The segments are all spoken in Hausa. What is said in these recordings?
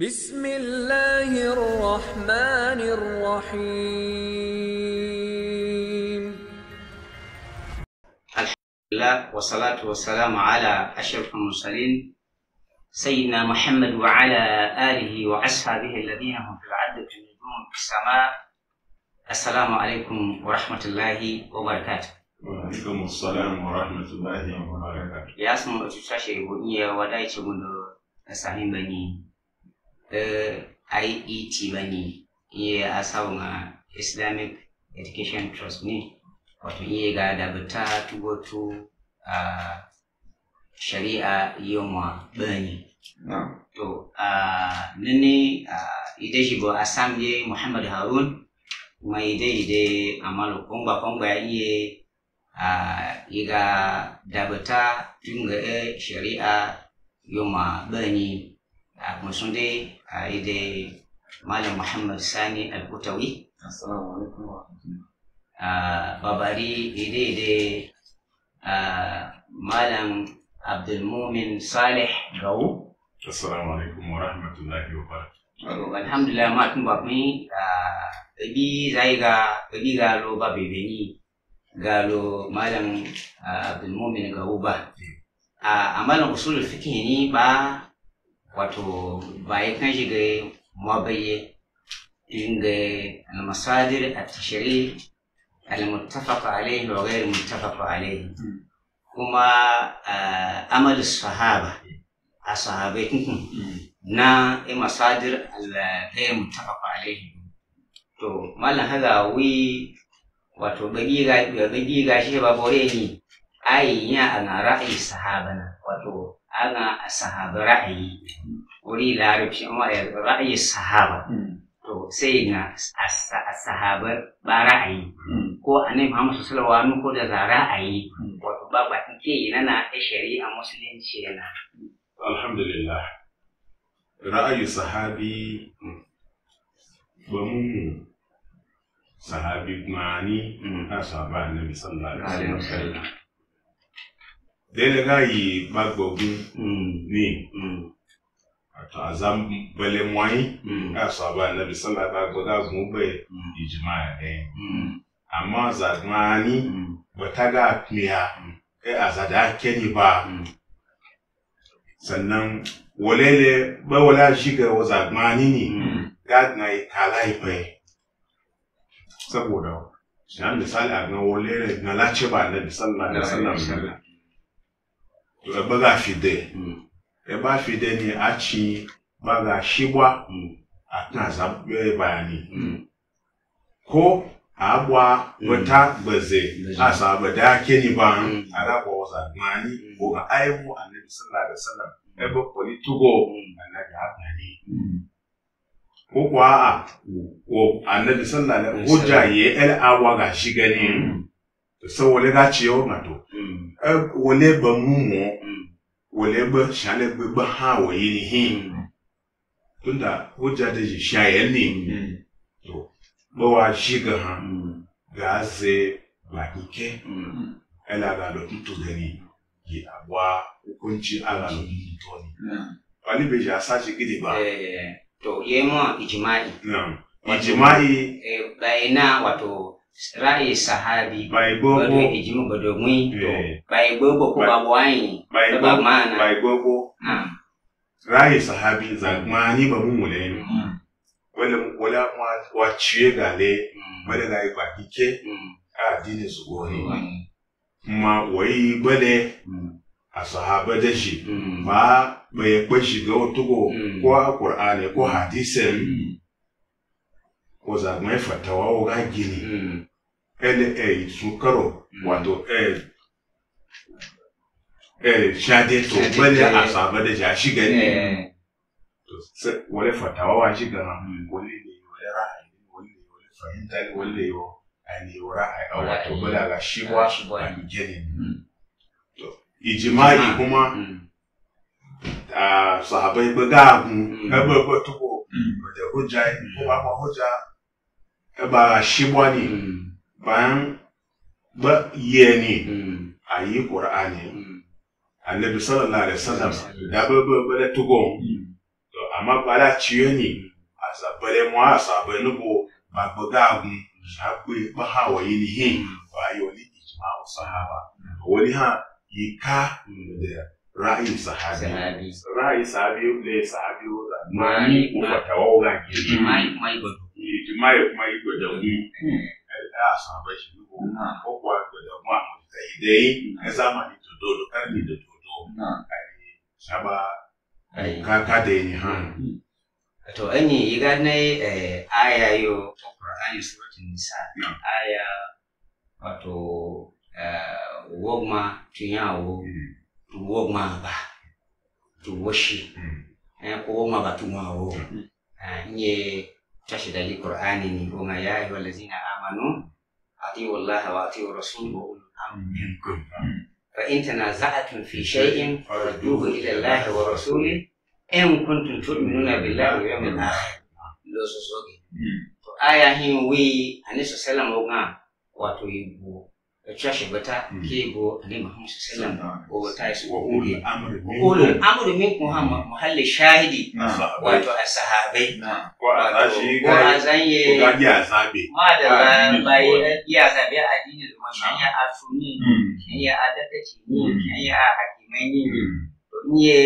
بسم الله الرحمن الرحيم الحمد لله والصلاة والسلام على أشرف المرسلين سيدنا محمد وعلى آله وأصحابه الذين هم في العدة نجوم في السماء السلام عليكم ورحمة الله وبركاته وعليكم السلام ورحمة الله وبركاته يا اسمه أتشاشي وإيا ودايتي من السهيم بني IET ba ne iya asabu nga Islamic Education Trust ne wato iya ga dabuta tu a shari'a yoma bani to a nane ida shi bo asam ye Muhammad Harun kuma ida ide amalu kongba kongba iya a iga dabuta tunga e shari'a yoma bani a kuma sun dai ai dai malam muhammad sani al-kutawi assalamu alaikum babari idai dai malam abdulmumin salih gawo assalamu alaikum wa rahmatullahi wa barakatuh alhamdulillah ma tun babmi ebi zai ga ebi ga lo ba bebeni ga lo malam abdulmumin gawo ba hmm. a malam usulul fiqh ni ba wato baya kan shiga mabaye inga almasadir at-tashri' al-muttafaq alayhi wa ghayr muttafaq alayhi kuma amal sahaba a sahabai na masadir al-ghayr muttafaq alayhi to mallan haza wi wato bagi ga shi ba bore ni ai ana ra'ayi sahabana wato ana sahabi ra'ayi wuri larabci amma ra'ayi sahaba hmm. to sai na sahabar ba ra'ayi hmm. ko a nai ma musu wasallam ko da za ra'ayi hmm. wato ba ba ke yana na shari'a musulunci yana alhamdulillah ra'ayi sahabi ba mu sahabi mani na sahaba annabi sallallahu alaihi wasallam delegaayi mm. mm. magbogun mm. eh, ni ato azam bɛlɛ mɔnyi k'a sɔ a b'a nabi sala k'a gbɔ k'a gun bɛ ijima yɛrɛ ama zadumani bata k'a kunya kɛ azada keni ba sannan walele bɛ wale a ji kɛ o zadumani ni k'a na yi kala yi bɛ saboda shan misali a gina walele gina lacɛ b'a nabi sala k'a sala misali Ebe ebeghachide hmm. ebeghachide ni achi baghachigwa hmm. atinaza eh, bayani hmm. ko agba weta gbeze asa abada akeni ba alakwa ọza anyị bụ ka anyị bụ anabi sallallahu alaihi wasallam ebe politugo anabi abali ko kuwa a anabi sallallahu alaihi wasallam hujja ye el agwa ga shi gani so wòle ga tsi wo ŋa do mm. e, wòle be mumuwo mm. wòle be sialegbe be hã wòye ni hĩ mm. tonta wodza ɖe dzi sia yɛ li to be woazi ge hã gaze gbanyike ele agalo tutu ge ni yi aboa woko ŋtsi agalo tutu tɔ ni wali be dza sa tsi gidi ba. Eh, to ye mɔ ijima yi. ijima yi. Eh, bayina rai sahabi ejimugodo mwito baigbogo kubabwanyi babamana baigbogo ah. rai sahabi za mwanyi bamumulenu mm. wala wala wachiye gale mm. wala lai bakike mm. a dini zugoni ma wai gwade a sahaba da shi ba bai kwe shiga otugo ko a qur'ani ko hadisin ko zagmai fatawa ga gini LA sun karo mm. wato eh shade to bane a eh. saba da ja gani ne wani fatawa wa shiga mm. wale ne wani ra'ayi wale ne wani fahimta ne a ne ani ra'ayi a wato ga shi wa su ba ni ne, mm. to ijimai kuma a sahabai ba ga gun ka ba ba tuko da hujja ko ba hujja ba shi wani bayan ba yiyani hmm. a yi ƙur'ani hmm. annabi sallallahu alaihi wasallam da to amma bala a sabbare mu a sabbe nubo ba bugagun shakwe ba hawa yi nihi hmm. ba yi wani ijma'u sahaba wani ha yi ka da ra'ayin sahabi ra'ayin sahabi ne sahabi wanda mani ko asamba kidogo huko kwa jamaa mtaidei kazama mm. ni tododo kani ni tododo kani mm. shaba ka ka de ni han mm. to enyi igane eh aya yo Qur'ani surati nisa aya wato eh wogma tunyawo tuwogma ba tuwoshi eh kuwogma ba tunyawo eh, nye tashi Qur'ani ni gonga ya ayyuhallazina amanu atiyu Allah wa atiyu Rasul wa ulul amri minkum hmm. Hmm. fa in tanaza'tum fi shay'in farudduhu ila Allah wa rasuli in kuntum tu'minuna billahi wa yawmil akhir lo so so hmm. to aya hin wi anisa salam wa wato yibu ɛkyɛhyɛ bɛta kebo ane mahomso sɛlam ɔwɔtaesoamro minko ha mohale shahidi wato asahabe azanyɛmadabayɛyɛasabɛ adine mahyanyɛ afoni yɛ adakakyini yɛ ahakimanyini nyɛ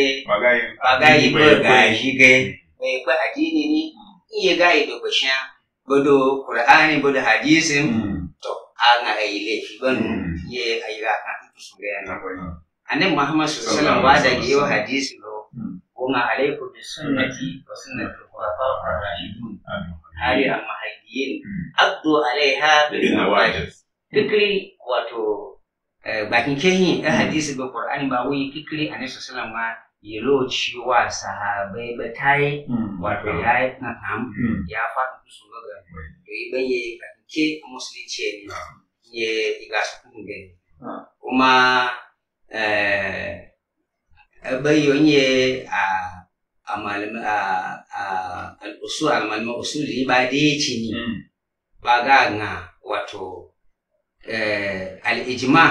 bagayi bɛgahyigɛ ɛkwɛ adine ni nyɛ gayi dɔbɛhyia bodo kur'ani bodo hadisim ana ayi laifi ban nu hmm. ye ayi ra kan tu su ga na anan muhammad sallallahu alaihi wasallam wa da hadisi lo kuma hmm. alaikum bi sunnati wa sunnati al-khulafa ar-rashidun hali al-mahdiyyin hmm. abdu alaiha bil nawajib fikri wato eh, bakin kehi a eh, hadisi ga qur'ani ba wai fikri annabi sallallahu alaihi wasallam yelo ciwa sahabai yi wato ya yi ya faɗi su ga idan ye ka ke musulunci ne ye i ka sukun bɛ kuma bayo ye a ah, a malama a ah, a ah, al'usul usul ni ba dai ci ni hmm. ba ga nga wato eh, al'ijma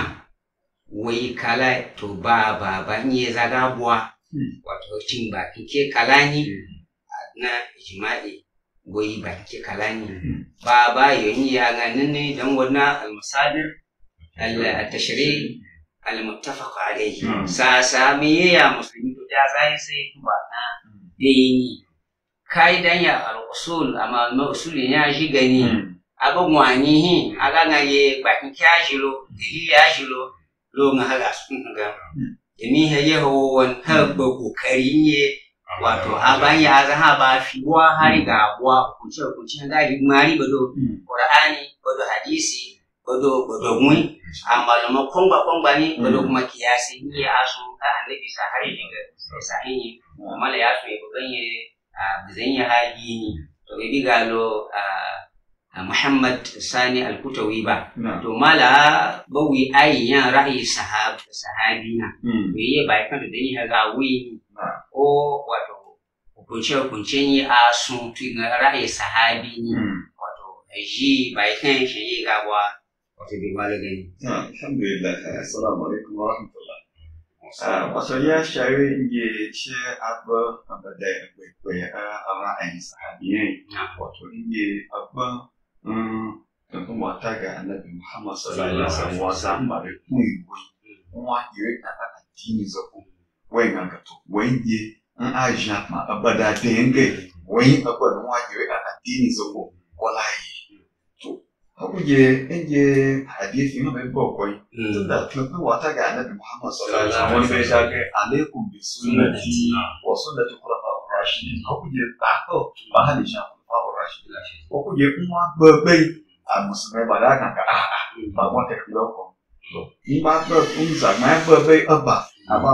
wai kala to ba ba ba ni zaga buwa hmm. wato cin ba ke kala ni hmm. na ijma'i goyi baki kalani hmm. baba ganin ne nanne dangona almasadir al tashri al-muttafaq alayhi hmm. sa sa me ya musulmi to hmm. da zai sai kuma na dai kaidan ya al-usul amma al-usul ya shi gani abin wani hi aga na ye baki kyashilo ya yashilo lo na haga sun ga ni he ye ho won ha ba kokari ye wato abayi ba fi wa hmm. ga wa kuce kuce ri mari bado hmm. qur'ani bado hadisi bado bado mu hmm. amma kuma kongba kongba ni bado kuma kiyasi ni asu ka annabi sa ga hari diga sahihi mala ya fi ganye a ya haji ni to bi galo Muhammad Sani Al-Kutawi ba. To mala bawi ayin yan sahabi sahabina. Me yi ba kan da yi ga wuyi ko wato hukunce-hukuncen yi a sun tuga ra'ayi sahabi ni wato ji bai kan shi yi gawa wato bai wale gani. Alhamdulillah, assalamu alaikum wa rahmatullah. Wato ya shari ya ce abu abada ya kwaikwaya a ra'ayin sahabi ne wato ya abu tafi mata ga annabi Muhammad sallallahu alaihi wasallam wa zamba da kuyi wai wa yi ka addini zaku wai nan ga wen ye n a zha ma abada denge wen ebe nua yewe a adini zoko kɔla yi to awo ye n ye hadie fi bɔ kɔ yi to da tuma wata ga ale muhammad sɔrɔ la wɔn bɛ ja bi sunnati wɔ sunnati kura fa o rashi awo ye ba kɔ ba hali zan kun fa o rashi la o ko a musulmɛ ba da kan ka a ba wɔn tɛ kilo kɔ ba gbɛ n zagbɛ gbɛgbɛ eba a ba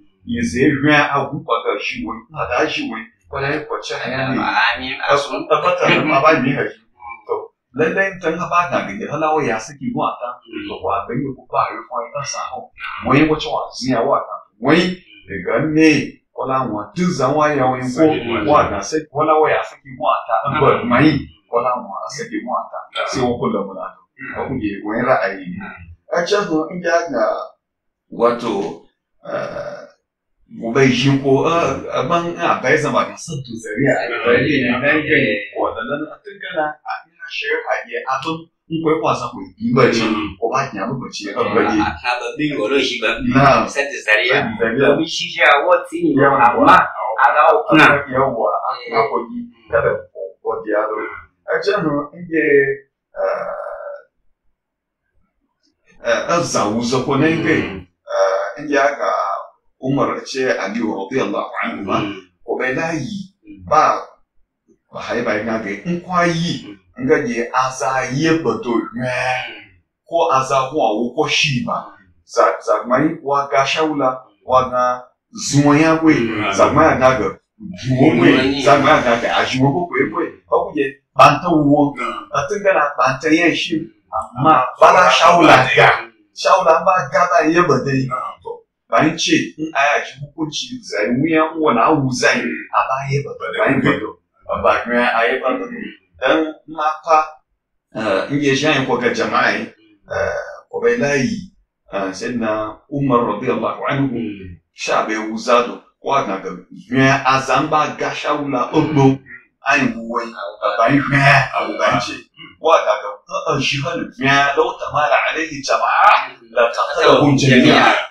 yezeewe agwụ kwagachi we adaji we tabbatar ma ba ni haji to lallai tan ha ba ka ga halawa ya saki wa ta to wa ban yi ku ba yi kwa ta sa ho wai wace wa ziya wa ta wai daga ne kola wa duk zan wa ya wai ko wa na sai kola wa ya saki wa ta ba mai kola wa saki wa ta sai wa kullu mun ta ko ku je wani ra'ayi ne hmm. a can in ga wato eh, 五倍一锅，呃呃，帮啊，白什么？是土贼呀，对的，那个我的那这个呢，啊，你那学海的啊，都你规划上会明白去，我把娘们过去，呃，可以。他们美国人喜欢，那三十三的，我们西西啊，我听你讲啊，我啊，然后那也我啊，那我一那个我我第二个，而且呢，那个呃呃，二十五十分那个呃，人家个。Umar ce Aliyu radiyallahu anhu ma ko bai layi ba bahai bai ga ga in kwayi nga ye aza ye bato ko aza ko awo ko shiba za za mai wa ga shaula wa ga zuwanya kwe za mai ga ga juwo kwe za mai ga ga ajuwo ko kwe kwe ba ku je banta wo atunga na banta ye shi amma bala shaula ga shaula ba ga ba ye bato a bari nche ayachikukuchiriza mwiya uwo nawuza abayeba bayeba abakwe ayeba dan mapa eh, ingesha yin kwa jamai eh, kwa belai eh, sayyidina umar radiyallahu anhu shabe uzado ko na ga mwiya azamba gashaula ogbo ayin yi abayin mwiya abubanche kwa na ga shi halu mwiya lau tamara alaihi jama'a la taqtahum jami'a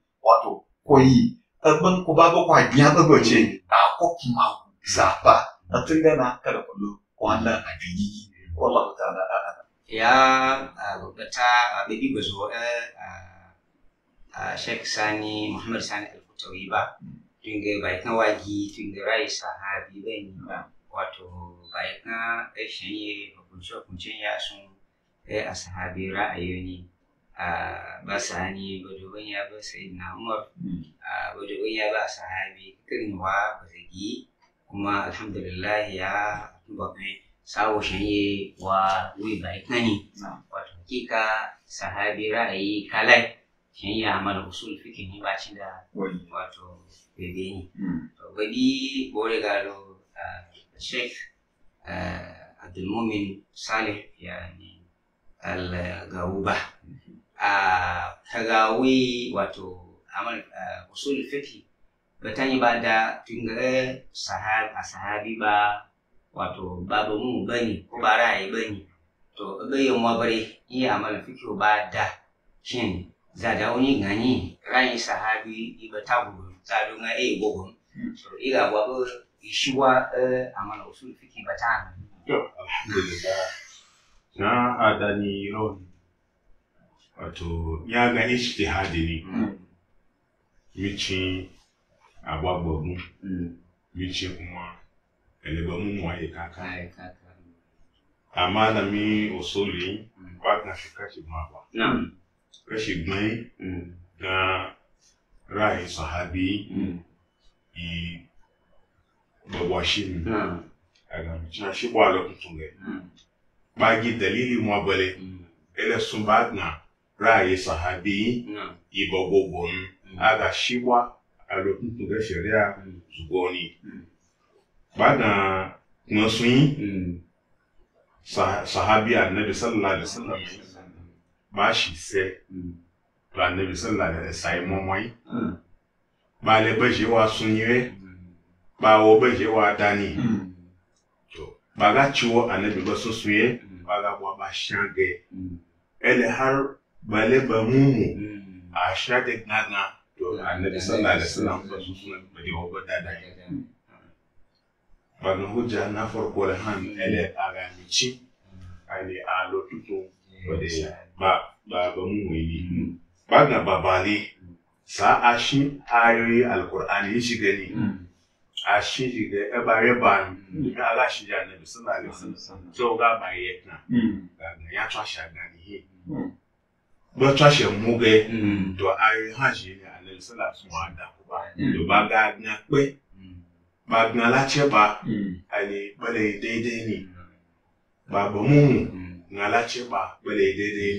wato koyi ku kuba ba agiya bagoje na akoki mawu zaba na da na kala kullu wala abigi wallahu ta'ala a'lam ya rubuta abidi gozo eh, a Sheikh Sani Muhammad Sani Al-Kutawi ba ga bai kan wagi ga rai sahabi bai ba wato bai kan ai eh, shanye hukunce hukuncen ya sun kai eh, a sahabi ra'ayoyi ba basani ya ba sayyidina umar hmm. ya ba sahabi kirniwa bazagi kuma alhamdulillah ya bakai sawo shanye wa wu'i bai kani wato hakika sahabi ra'ayi kalai shanye amal usul fikin ni ba da wato bebe ni hmm. to gadi bore galo sheikh abdulmumin salih yani al gauba hmm. tagawi wato amal usul fiqh batani bada tungare eh, sahab sahabi ba wato babu mu bani ko ba ra'ayi bani to gayin wabare iya amal fiqh ba da shin za da wani gani ra'ayin sahabi iba tabu za do nga e gogon to iga wabo ishiwa eh, amal usul fiqh batani to alhamdulillah na adani ron wato ya ga hadi ne hmm. micin agbagbagun hmm. micin kuma elebamun waye kaka amma da mi osoli ba na shi kashi ma ba kashi gbani na ra'ayin sahabi i gbagwa shi ne a ga micin shi ba lokacin gai ba gi dalili mwabale ele sun ba na rais habii ibogbogbom mm. akashikwa alopintuga sheria mm. zugoni mm. baada nasunyi sahabi annabi sallallahu alaihi wasallam ba shi se to annabi sallallahu alaihi wasallam ba le wa sunyiwe ba wo wa dani to ba ga ciwo annabi ba ba ga ba bale ba mumu hmm. a shatek na na to annabi sallallahu alaihi wasallam ba su suna ba da wa hujja na farko da han hmm. ele a ga ale a lotuto hmm. ba da ba ba ba yi ba na babale sa'a shi ayoyi alkur'ani ya shiga ni a shi shiga ebare ba ni ga ala shi ya annabi sallallahu alaihi wasallam ga ba ga ya ga ni bọ́ tsɔsi mu ge mm. tɔ ayi hã zi ne ale le sɛlɛ asɔ ada ko ba do ba ga nya kpe ba gblẽ la tsɛ ba ayi be le ni ba be mumu gblẽ la tsɛ ba be le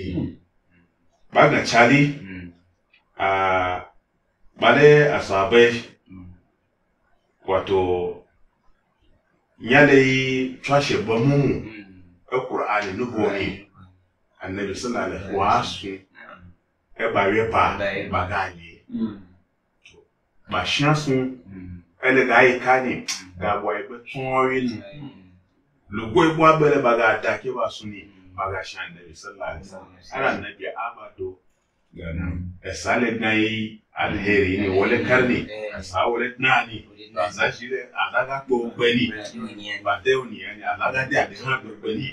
ni ba gã tsa li aa ba ɖe asɔ wato nya ɖe yi tsɔsi be mumu e ali nugo ni anabi sallallahu alaihi wasallam ɛbaweɛ paa bagaanye bahyia so ɛne gaayɛ ka ne gaabɔ ɛbɛtɔɔre no logo ebu abɛrɛ baga adake ba so ne baga hyɛ anabi sallallahu alaihi wasallam ɛna anabi amado ɛsaale dan yi alheri ne wɔle kari ne ɛsaa wɔle naa ne transaction adaka kpɛ o gbɛ ne badɛ o ne yɛ ne adaka de ade hã gbɛ o gbɛ ne.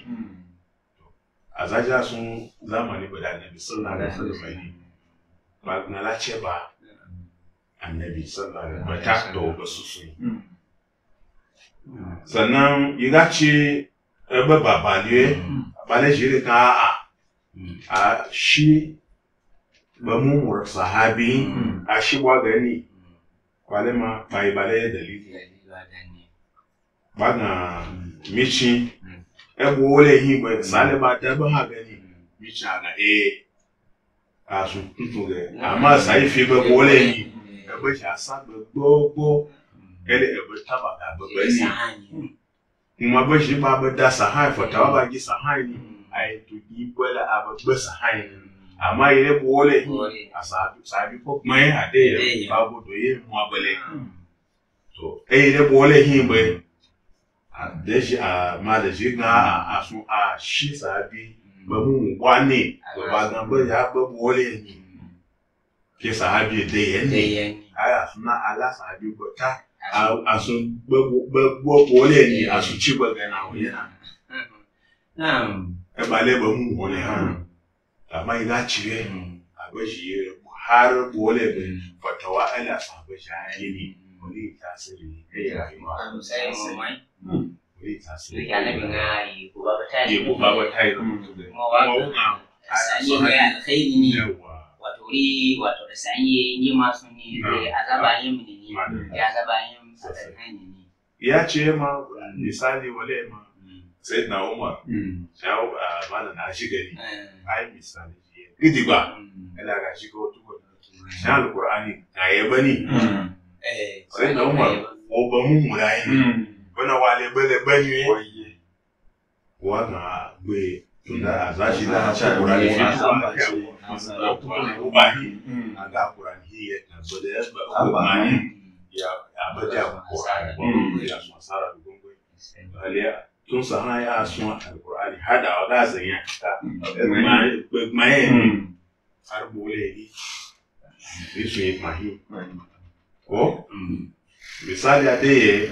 azaja sun zamani guda annabi sallallahu alaihi wasallam ba na lace ba annabi sallallahu alaihi wasallam ta da wasu sun sannan yiga ce ebe babaliwe bale jiri ka a shi ba mu sahabi a shi wa gani kwalema ba ibale dalili ba na micin yan wole yi ba mm. malama ta ba ha gani bicha na eh a su tutu ge mm. ama sai fi ba wole yi mm. e ba sha sa ba gbogbo ele e ba ta ba ba kuma ba shi ba ba da sahai fa ta ba gi sahai ni ai to gi bola a ba ba sahai ni ama ile wole a sabi sabi ko mai ade ba bo do ye mu abele to e ile wole yi ba da shi a ma da na a su a shi sabi ba mu kwane ba na ba ya ba wole ni ke sahabi da yanne aya suna ala sahabi ta, a su ba wole ni a su ci ba gana yana e ba le ba mu wole ha hmm. amma ina cire hmm. a ba shi har wole ba hmm. fatawa ala sahabi shi ne wani tasiri ne ya yi ma Tumekaa vingayi kubabatayira. Kubabatayira mutwe. Waturi yi Ya ce ma misali ma mm. mm. a mana na shi gari. Eh. Ai misali. Gidi ba. Mm. Ina ga shi ko tukun. Na alkur'ani ga yaba ne. Sai na Umar. Obamu murayi. wọn wà lẹgbẹlẹgbẹ yẹn wọn nà gbé tòdà àzáṣe náà ṣàkóra ní ọba yìí àga àkóra yìí yẹ àgbẹdẹ ẹgbẹ ọba yìí àbẹdẹ àkóra yìí àsùn àsára gbogbo yìí tun sahana y'a sɔn alikɔrɔani hada o k'a zɛn ya ka kuma ye aribole yi ni tun ye kuma ye o misaliya de ye.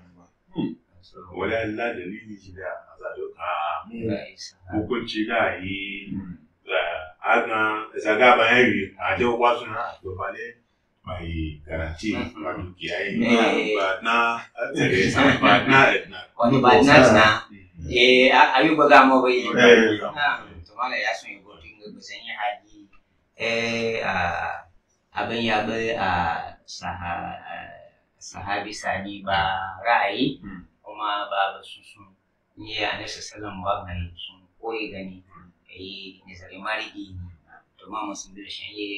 wala la dalili shi mm. da azadoka hukunci da yi ana zaga bayan yi a jau wasu na dubale mai garanti mm-hmm. ba dukiya yi ba na teresa ba na edna wani ba na na eh ayu ba ga mo bai to mala ya sun yi gudun ga san yi haji eh abin ya bai a sahabi sani ba ra'ayi mm. kuma ba ba su sun yi a nesa salon ba gani sun koyi gani yi eh, nazari marigi to ma musu bi shan yi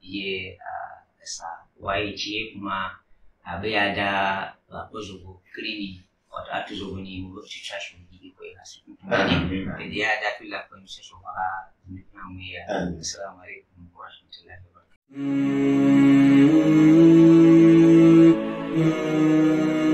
ye a ƙasa waye ci kuma abe ya da ba ko zugo krini wato a zugo ni mu ci tashi mu gidi koyi hasu ne da ya da fila ko mu sai a na mu ya assalamu alaikum wa rahmatullahi wa -hmm.